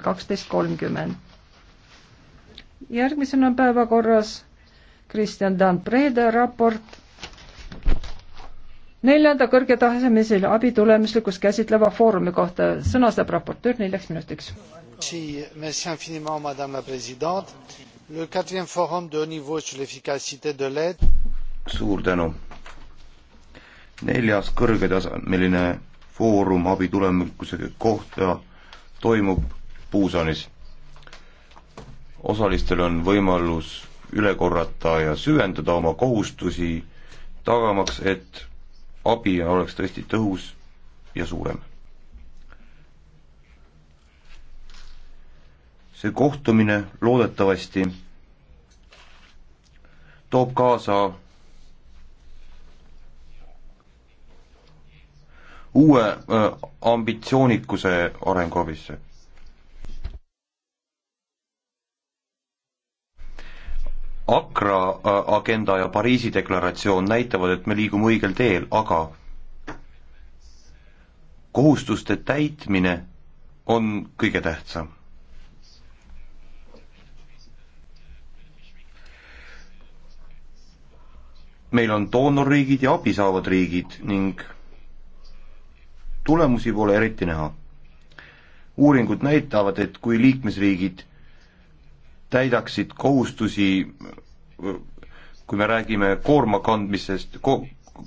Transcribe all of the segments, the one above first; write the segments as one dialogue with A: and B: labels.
A: kell kaksteist kolmkümmend. järgmisena on päevakorras Kristjan Dan Prede raport neljanda kõrgetasemelisel abi tulemuslikkus käsitleva foorumi kohta sõnastab raportöör neljaks minutiks. suur tänu. neljas kõrgetasemeline foorum abi tulemuslikkuse kohta toimub Puusanis. osalistel on võimalus üle korrata ja süvendada oma kohustusi, tagamaks, et abi oleks tõesti tõhus ja suurem. see kohtumine loodetavasti toob kaasa uue äh, ambitsioonikuse arenguabisse Akra äh, agenda ja Pariisi deklaratsioon näitavad, et me liigume õigel teel, aga kohustuste täitmine on kõige tähtsam. meil on doonorriigid ja abi saavad riigid ning tulemusi pole eriti näha. uuringud näitavad, et kui liikmesriigid täidaksid kohustusi, kui me räägime koorma kandmisest ko,,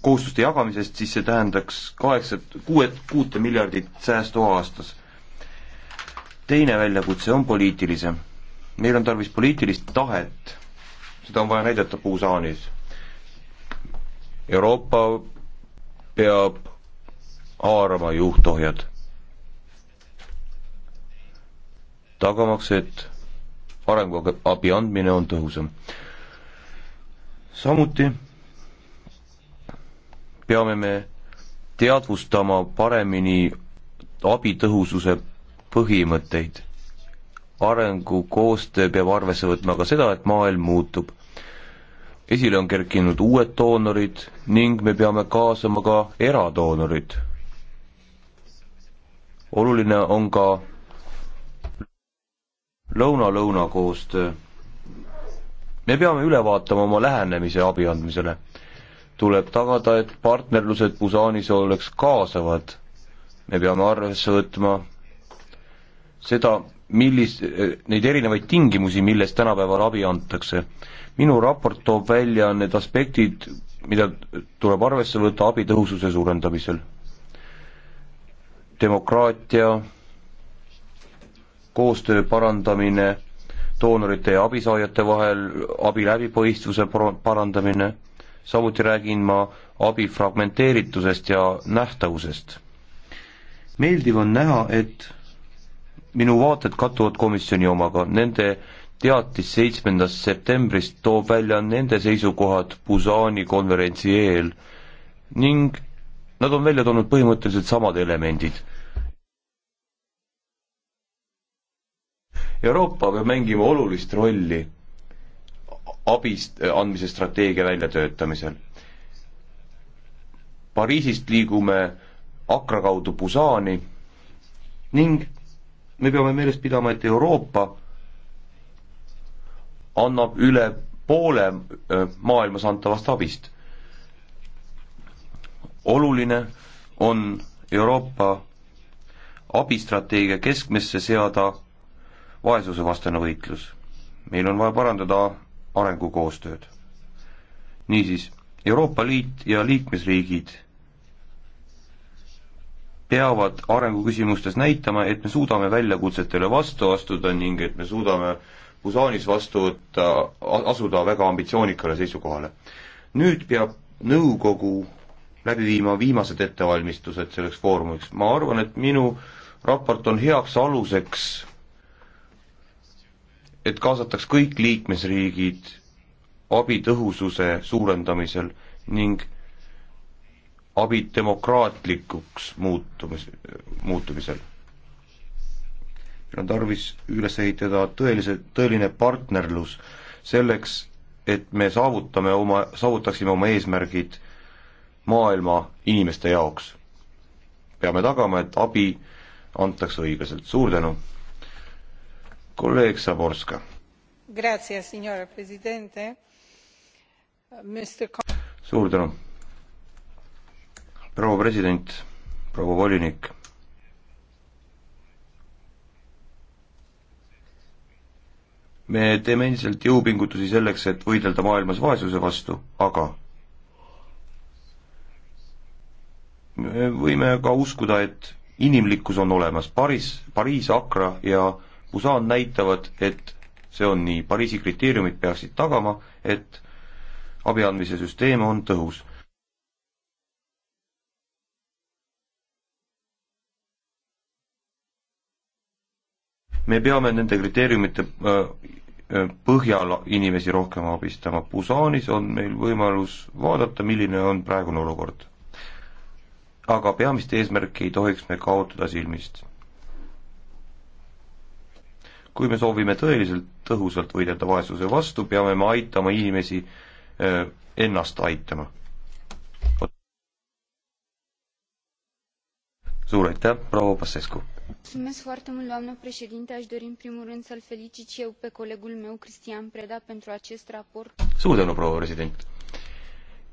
A: kohustuste jagamisest, siis see tähendaks kaheksat, kuue, kuute miljardit säästu aastas. teine väljakutse on poliitilisem. meil on tarvis poliitilist tahet, seda on vaja näidata Busanis. Euroopa peab haarama juhtohjad, tagamaks, et arenguabi andmine on tõhusam. samuti peame me teadvustama paremini abi tõhususe põhimõtteid. arengukoostöö peab arvesse võtma ka seda, et maailm muutub. esile on kerkinud uued doonorid ning me peame kaasama ka eradoonorid. oluline on ka lõuna-lõuna koostöö. me peame üle vaatama oma lähenemise abi andmisele. tuleb tagada, et partnerlused Busanis oleks kaasavad. me peame arvesse võtma seda, millis-, neid erinevaid tingimusi, milles tänapäeval abi antakse. minu raport toob välja need aspektid, mida tuleb arvesse võtta abi tõhususe suurendamisel. demokraatia koostöö parandamine doonorite ja abisaajate vahel, abi läbipõhistvuse parandamine, samuti räägin ma abi fragmenteeritusest ja nähtavusest. meeldiv on näha, et minu vaated kattuvad komisjoni omaga, nende teatis seitsmendast septembrist toob välja nende seisukohad Busani konverentsi eel ning nad on välja toonud põhimõtteliselt samad elemendid Euroopa peab mängima olulist rolli abist andmise strateegia väljatöötamisel. Pariisist liigume Akra kaudu Busani ning me peame meeles pidama, et Euroopa annab üle poole maailmas antavast abist. oluline on Euroopa abistrateegia keskmesse seada vaesusevastane võitlus. meil on vaja parandada arengukoostööd. niisiis, Euroopa Liit ja liikmesriigid peavad arenguküsimustes näitama, et me suudame väljakutsetele vastu astuda ning et me suudame Busanis vastu võtta, asuda väga ambitsioonikale seisukohale. nüüd peab nõukogu läbi viima viimased ettevalmistused selleks foorumiks, ma arvan, et minu raport on heaks aluseks et kaasataks kõik liikmesriigid abi tõhususe suurendamisel ning abi demokraatlikuks muutumis, muutumisel. meil on tarvis üles ehitada tõelise, tõeline partnerlus selleks, et me saavutame oma, saavutaksime oma eesmärgid maailma inimeste jaoks. peame tagama, et abi antakse õiglaselt, suur tänu! kolleeg Saborska. suur tänu. proua president, proua volinik me teeme endiselt jõupingutusi selleks, et võidelda maailmas vaesuse vastu, aga me võime ka uskuda, et inimlikkus on olemas, Pariis, Pariis, Akra ja Busan näitavad, et see on nii, Pariisi kriteeriumid peaksid tagama, et abi andmise süsteem on tõhus. me peame nende kriteeriumite äh, äh, põhjal inimesi rohkem abistama, Busanis on meil võimalus vaadata, milline on praegune olukord. aga peamist eesmärki ei tohiks me kaotada silmist kui me soovime tõeliselt tõhusalt võidelda vaesuse vastu, peame me aitama inimesi äh, ennast aitama. suur aitäh, proua Pasescu! aș dori în primul rând să l felicit și eu pe colegul meu cristian preda pentru acest raport. suur tänu, proua president!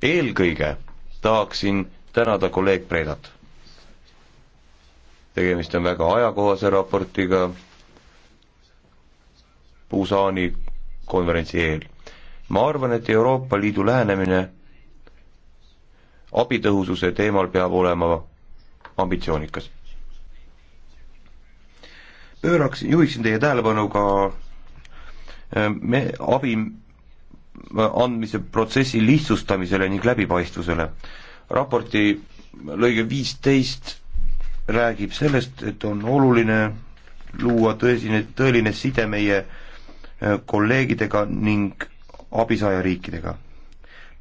A: eelkõige tahaksin tänada kolleeg Predat. tegemist on väga ajakohase raportiga Busani konverentsi eel. ma arvan, et Euroopa Liidu lähenemine abitõhususe teemal peab olema ambitsioonikas. pööraks, juhiksin teie tähelepanu ka äh, me, abi äh, andmise protsessi lihtsustamisele ning läbipaistvusele. raporti lõige viisteist räägib sellest, et on oluline luua tõsine, tõeline side meie äh, Äh, kolleegidega ning abisaajariikidega.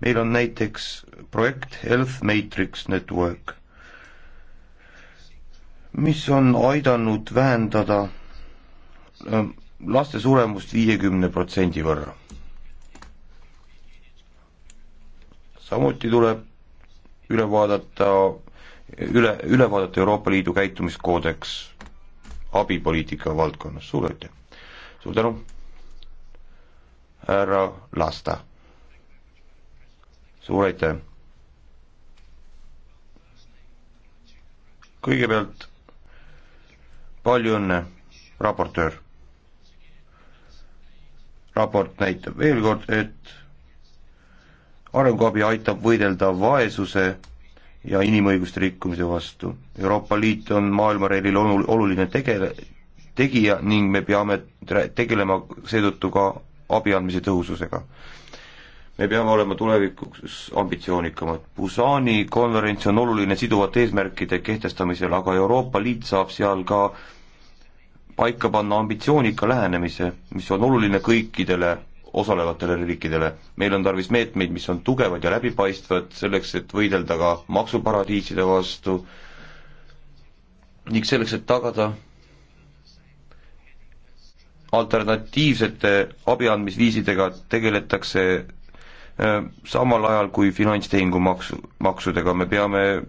A: meil on näiteks projekt Health Matrix Network, mis on aidanud vähendada äh, laste suremust viiekümne protsendi võrra. samuti tuleb üle vaadata, üle, üle vaadata Euroopa Liidu käitumiskoodeks abipoliitika valdkonnas, suur aitäh! suur tänu! härra Lasta. suur aitäh! kõigepealt palju õnne, raportöör! raport näitab veel kord, et arenguabi aitab võidelda vaesuse ja inimõiguste rikkumise vastu. Euroopa Liit on maailmarallil oluline tegele-, tegija ning me peame tegelema seetõttu ka abi andmise tõhususega. me peame olema tulevikuks ambitsioonikamad. Busani konverents on oluline siduvate eesmärkide kehtestamisel, aga Euroopa Liit saab seal ka paika panna ambitsioonika lähenemise, mis on oluline kõikidele osalevatele riikidele. meil on tarvis meetmeid, mis on tugevad ja läbipaistvad, selleks et võidelda ka maksuparadiiside vastu ning selleks, et tagada alternatiivsete abiandmisviisidega tegeletakse äh, samal ajal kui finantstehingu maksu, maksudega, me peame äh,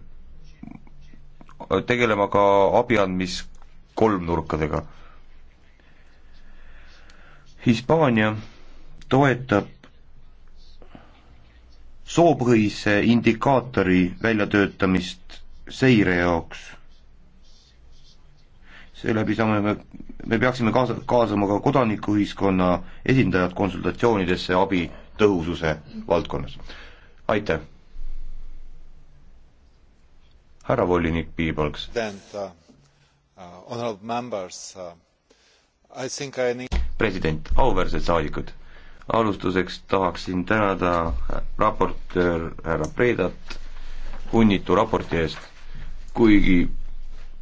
A: tegelema ka abiandmis kolmnurkadega. Hispaania toetab soopõhise indikaatori väljatöötamist seire jaoks seeläbi saame me, me peaksime kaasa, kaasama ka kodanikuühiskonna esindajad konsultatsioonidesse abi tõhususe valdkonnas. aitäh! härra volinik Piibalks. Uh, uh, uh, president, auväärsed saadikud, alustuseks tahaksin tänada raportöör härra Predat hunnitu raporti eest, kuigi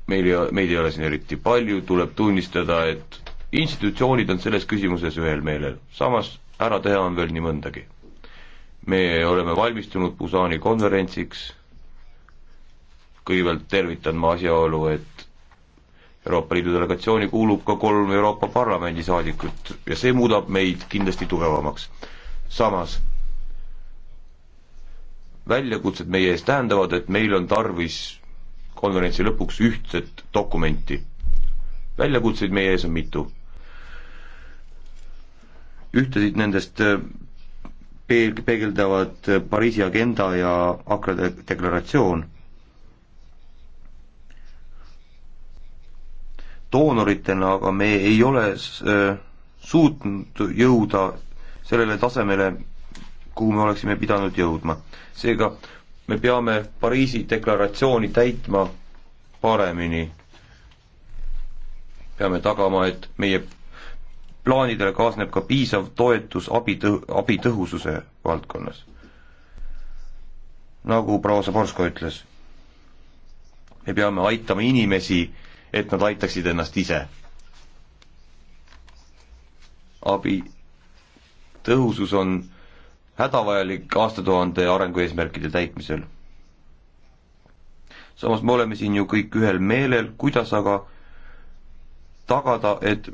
A: meil ei, meid ei ole siin eriti palju, tuleb tunnistada, et institutsioonid on selles küsimuses ühel meelel, samas ära teha on veel nii mõndagi. me oleme valmistunud Busani konverentsiks, kõigepealt tervitan ma asjaolu, et Euroopa Liidu delegatsiooni kuulub ka kolm Euroopa Parlamendi saadikut ja see muudab meid kindlasti tugevamaks. samas väljakutsed meie ees tähendavad, et meil on tarvis konverentsi lõpuks ühtset dokumenti. väljakutseid meie ees on mitu. ühtesid nendest äh, peeg-, peegeldavad äh, Pariisi agenda ja Akra deklaratsioon. doonoritena aga me ei ole äh, suutnud jõuda sellele tasemele, kuhu me oleksime pidanud jõudma. seega me peame Pariisi deklaratsiooni täitma paremini. peame tagama, et meie plaanidele kaasneb ka piisav toetus abi tõ-, abi tõhususe valdkonnas. nagu proua Zaborsko ütles, me peame aitama inimesi, et nad aitaksid ennast ise. abi tõhusus on hädavajalik aastatuhande arengueesmärkide täitmisel. samas me oleme siin ju kõik ühel meelel, kuidas aga tagada, et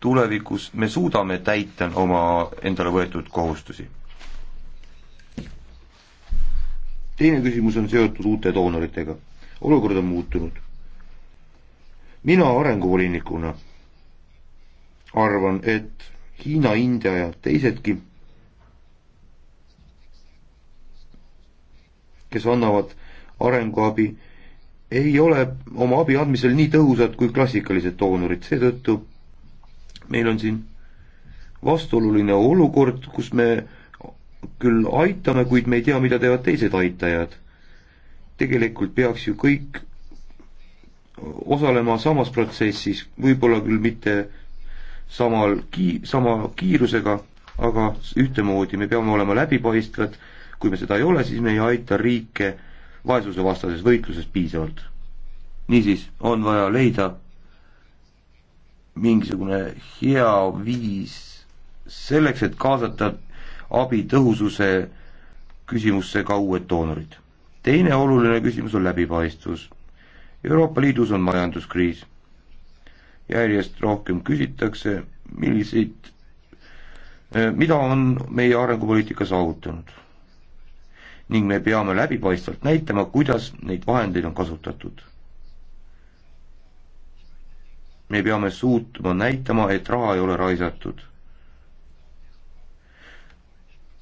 A: tulevikus me suudame täita oma endale võetud kohustusi. teine küsimus on seotud uute doonoritega. olukord on muutunud. mina arenguvolinikuna arvan, et Hiina, India ja teisedki kes annavad arenguabi, ei ole oma abi andmisel nii tõhusad kui klassikalised doonorid, seetõttu meil on siin vastuoluline olukord, kus me küll aitame, kuid me ei tea, mida teevad teised aitajad. tegelikult peaks ju kõik osalema samas protsessis, võib-olla küll mitte samal ki-, sama kiirusega, aga ühtemoodi, me peame olema läbipaistvad kui me seda ei ole, siis me ei aita riike vaesusevastases võitluses piisavalt. niisiis, on vaja leida mingisugune hea viis selleks, et kaasata abi tõhususe küsimusse ka uued doonorid. teine oluline küsimus on läbipaistvus. Euroopa Liidus on majanduskriis. järjest rohkem küsitakse, milliseid, eh, mida on meie arengupoliitika saavutanud ning me peame läbipaistvalt näitama, kuidas neid vahendeid on kasutatud. me peame suutma näitama, et raha ei ole raisatud.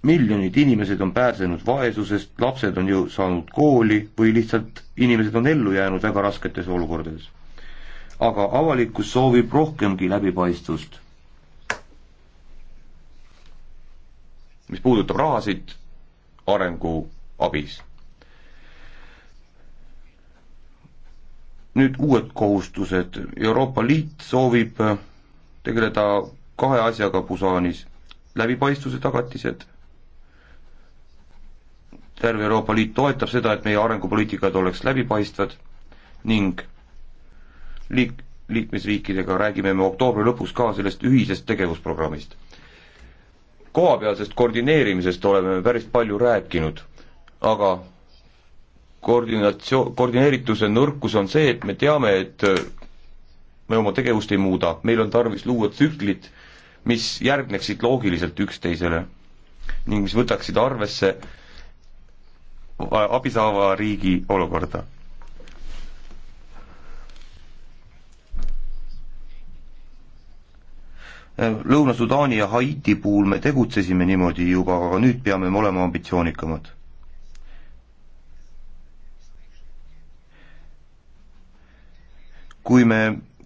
A: miljonid inimesed on pääsenud vaesusest, lapsed on ju saanud kooli või lihtsalt inimesed on ellu jäänud väga rasketes olukordades. aga avalikkus soovib rohkemgi läbipaistvust. mis puudutab rahasid, arengu abis. nüüd uued kohustused, Euroopa Liit soovib äh, tegeleda kahe asjaga Busanis, läbipaistvuse tagatised, terve Euroopa Liit toetab seda, et meie arengupoliitikad oleks läbipaistvad ning liik-, liikmesriikidega räägime me oktoobri lõpus ka sellest ühisest tegevusprogrammist. kohapealsest koordineerimisest oleme me päris palju rääkinud aga koordinatsioon, koordineerituse nõrkus on see, et me teame, et äh, me oma tegevust ei muuda, meil on tarvis luua tsüklid, mis järgneksid loogiliselt üksteisele ning mis võtaksid arvesse abi saava riigi olukorda. Äh, Lõuna-Sudaani ja Haiti puhul me tegutsesime niimoodi juba, aga nüüd peame me olema ambitsioonikamad kui me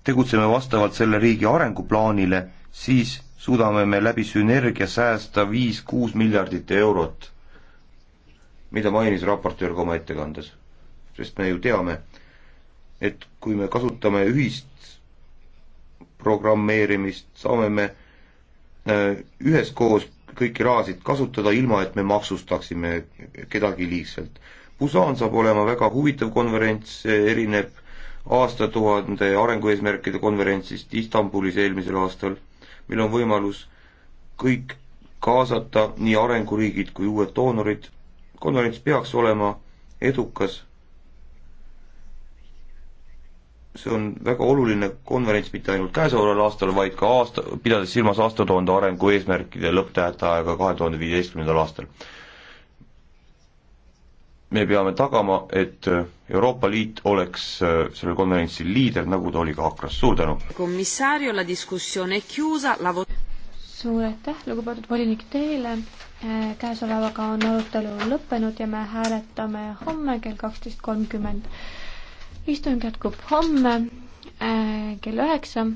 A: tegutseme vastavalt selle riigi arenguplaanile, siis suudame me läbi sünergia säästa viis-kuus miljardit eurot, mida mainis raportöör ka oma ettekandes. sest me ju teame, et kui me kasutame ühist programmeerimist, saame me äh, üheskoos kõiki rahasid kasutada, ilma et me maksustaksime kedagi liigselt. Busan saab olema väga huvitav konverents, erineb aastatuhande arengueesmärkide konverentsist Istanbulis eelmisel aastal. meil on võimalus kõik kaasata, nii arenguriigid kui uued doonorid. konverents peaks olema edukas. see on väga oluline konverents mitte ainult käesoleval aastal, vaid ka aasta, pidades silmas aastatuhande arengu eesmärkide lõpptähtaega kahe tuhande viieteistkümnendal aastal me peame tagama, et äh, Euroopa Liit oleks äh, sellel konverentsil liider, nagu ta oli ka Akras, suur tänu! suur aitäh, lugupeetud volinik teile, äh, käesolevaga on arutelu lõppenud ja me hääletame homme kell kaksteist kolmkümmend. istung jätkub homme kell üheksa